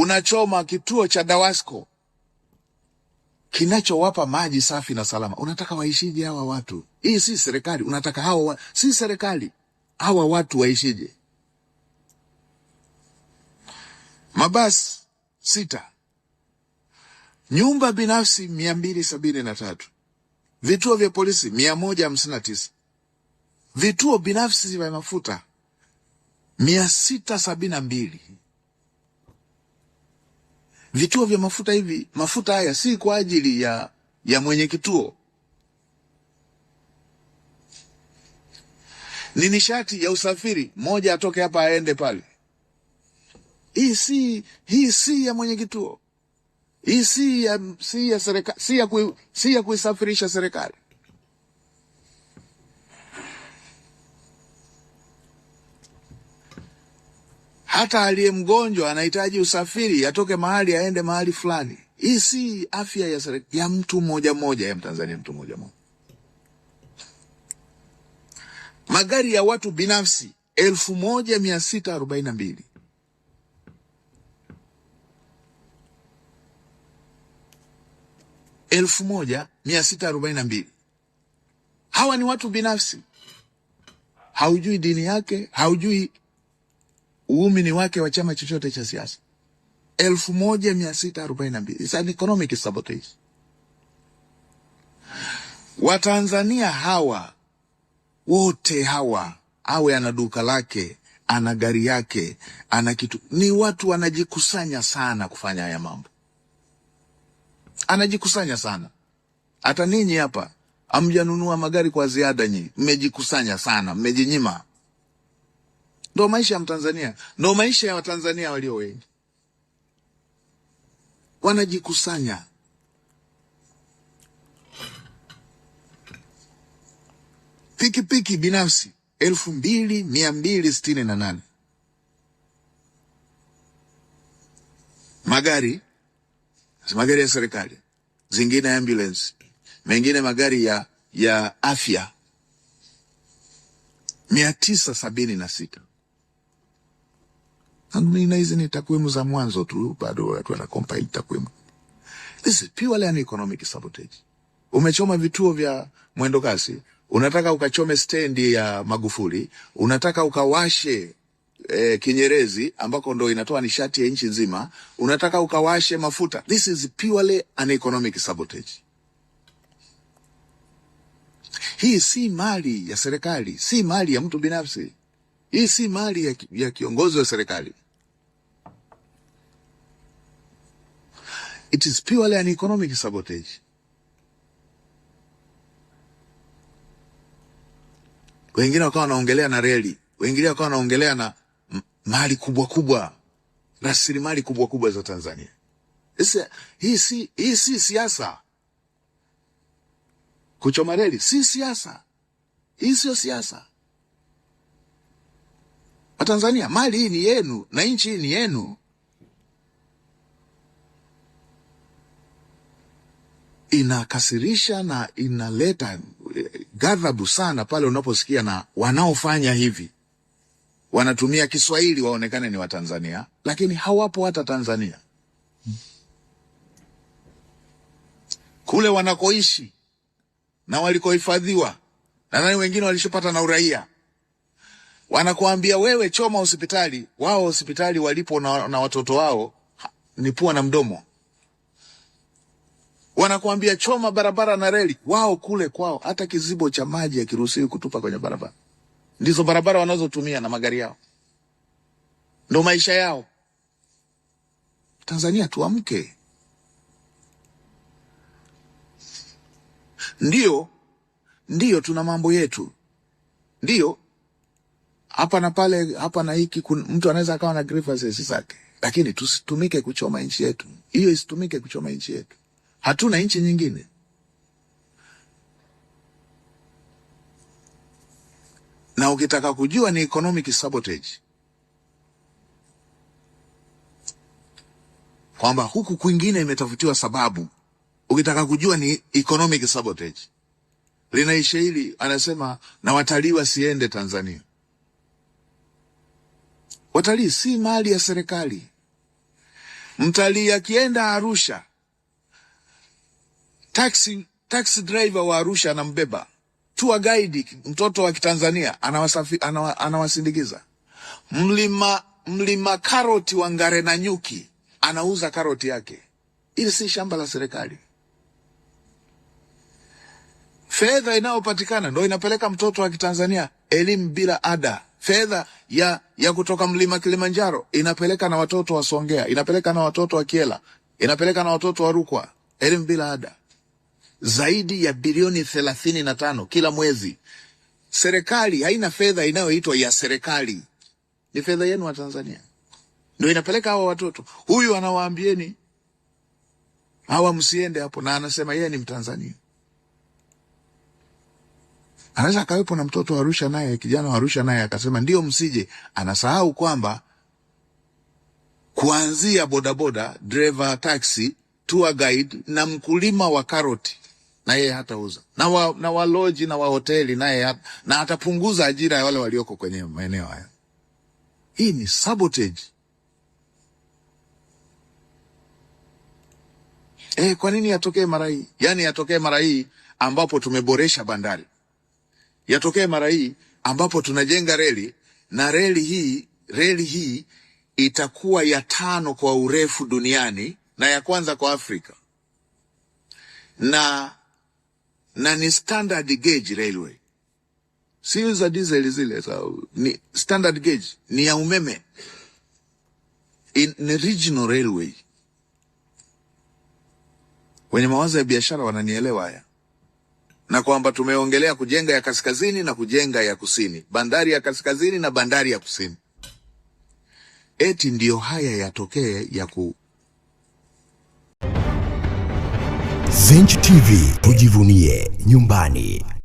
unachoma kituo cha Dawasco kinachowapa maji safi na salama. Unataka waishije hawa watu? Hii si serikali, unataka hawa wa... si serikali, hawa watu waishije? Mabasi sita, nyumba binafsi mia mbili sabini na tatu, vituo vya polisi mia moja hamsini na tisa, vituo binafsi vya mafuta mia sita sabini na mbili vituo vya mafuta hivi, mafuta haya si kwa ajili ya, ya mwenye kituo, ni nishati ya usafiri, moja atoke hapa aende pale. Hii si hii si ya mwenye kituo, hii si ya, si ya, serikali, si ya, si ya kuisafirisha serikali. Hata aliye mgonjwa anahitaji usafiri, atoke mahali aende mahali fulani. Hii si afya ya, ya mtu mmoja mmoja, ya Mtanzania mtu mmoja mmoja. Magari ya watu binafsi elfu moja mia sita arobaini na mbili elfu moja mia sita arobaini na mbili Hawa ni watu binafsi, haujui dini yake, haujui uumini wake wa chama chochote cha siasa elfu moja mia sita arobaini na mbili. It's an economic sabotage. Watanzania hawa wote hawa, awe ana duka lake, ana gari yake, ana kitu, ni watu wanajikusanya sana kufanya haya mambo, anajikusanya sana. Hata ninyi hapa hamjanunua magari kwa ziada, nyinyi mmejikusanya sana, mmejinyima Ndo maisha ya Mtanzania, ndo maisha ya Watanzania walio wengi. Wanajikusanya, pikipiki binafsi elfu mbili mia mbili sitini na nane magari magari ya serikali, zingine ambulance, mengine magari ya ya afya mia tisa sabini na sita na hizi ni takwimu za mwanzo tu, bado watu takwimu. This is purely an economic sabotage. Umechoma vituo vya mwendo kasi, unataka ukachome stendi ya Magufuli, unataka ukawashe e, Kinyerezi ambako ndo inatoa nishati ya nchi nzima, unataka ukawashe mafuta. This is purely an economic sabotage. Hii si mali ya serikali, si mali ya mtu binafsi, hii si mali ya, ya kiongozi wa serikali. It is purely an economic sabotage. Wengine wakawa wanaongelea na reli, wengine wakawa wanaongelea na mali kubwa kubwa, rasilimali kubwa kubwa za Tanzania. Hii si hii si siasa. Kuchoma reli si siasa, hii siyo siasa. Watanzania, mali hii ni yenu na nchi hii ni yenu. inakasirisha na inaleta eh, ghadhabu sana pale unaposikia na wanaofanya hivi wanatumia Kiswahili waonekane ni Watanzania, lakini hawapo hata Tanzania. Kule wanakoishi na walikohifadhiwa, nadhani wengine walishopata na uraia, wanakuambia wewe choma hospitali. Wao hospitali walipo na, na watoto wao ni pua na mdomo wanakuambia choma barabara na reli. Wao kule kwao hata kizibo cha maji hakiruhusiwi kutupa kwenye barabara, ndizo barabara wanazotumia na magari yao, ndo maisha yao. Tanzania, tuamke. Ndio, ndio tuna mambo yetu, ndio hapa na pale, hapa na hiki. Mtu anaweza akawa na grievances zake, lakini tusitumike kuchoma nchi yetu. Hiyo isitumike kuchoma nchi yetu. Hatuna nchi nyingine. Na ukitaka kujua ni economic sabotage, kwamba huku kwingine imetafutiwa sababu. Ukitaka kujua ni economic sabotage, linaisha hili, anasema na watalii wasiende Tanzania. Watalii si mali ya serikali. Mtalii akienda Arusha taxi, taxi driver wa Arusha anambeba, tour guide mtoto wa Kitanzania anawasindikiza, mlima mlima karoti wa Ngare na Nyuki anauza karoti yake. Ili si shamba la serikali. Fedha inayopatikana ndo inapeleka mtoto wa Kitanzania elimu bila ada. Fedha ya, ya kutoka mlima Kilimanjaro inapeleka na watoto wa Songea, inapeleka na watoto wa Kiela, inapeleka na watoto wa Rukwa, elimu bila ada zaidi ya bilioni thelathini na tano kila mwezi. Serikali haina fedha inayoitwa ya serikali, ni fedha yenu wa Tanzania ndio inapeleka hawa watoto. Huyu anawaambieni hawa msiende hapo, na anasema yeye ni Mtanzania. Anaweza akawepo na mtoto wa Arusha naye kijana wa Arusha naye akasema ndio msije. Anasahau kwamba kuanzia bodaboda, dereva taxi, tour guide na mkulima wa karoti na yeye hatauza na wa, na waloji na wahoteli naye na atapunguza ajira ya wale walioko kwenye maeneo haya. Hii ni sabotage. Eh, kwa nini yatokee mara hii? Yaani yatokee mara hii ambapo tumeboresha bandari, yatokee mara hii ambapo tunajenga reli, na reli hii reli hii itakuwa ya tano kwa urefu duniani na ya kwanza kwa Afrika na na ni standard gauge railway, sio za diesel zile. So, ni standard gauge, ni ya umeme in, regional railway. Wenye mawazo ya biashara wananielewa haya, na kwamba tumeongelea kujenga ya kaskazini na kujenga ya kusini, bandari ya kaskazini na bandari ya kusini. Eti ndiyo haya yatokee ya ku Zenj TV tujivunie nyumbani.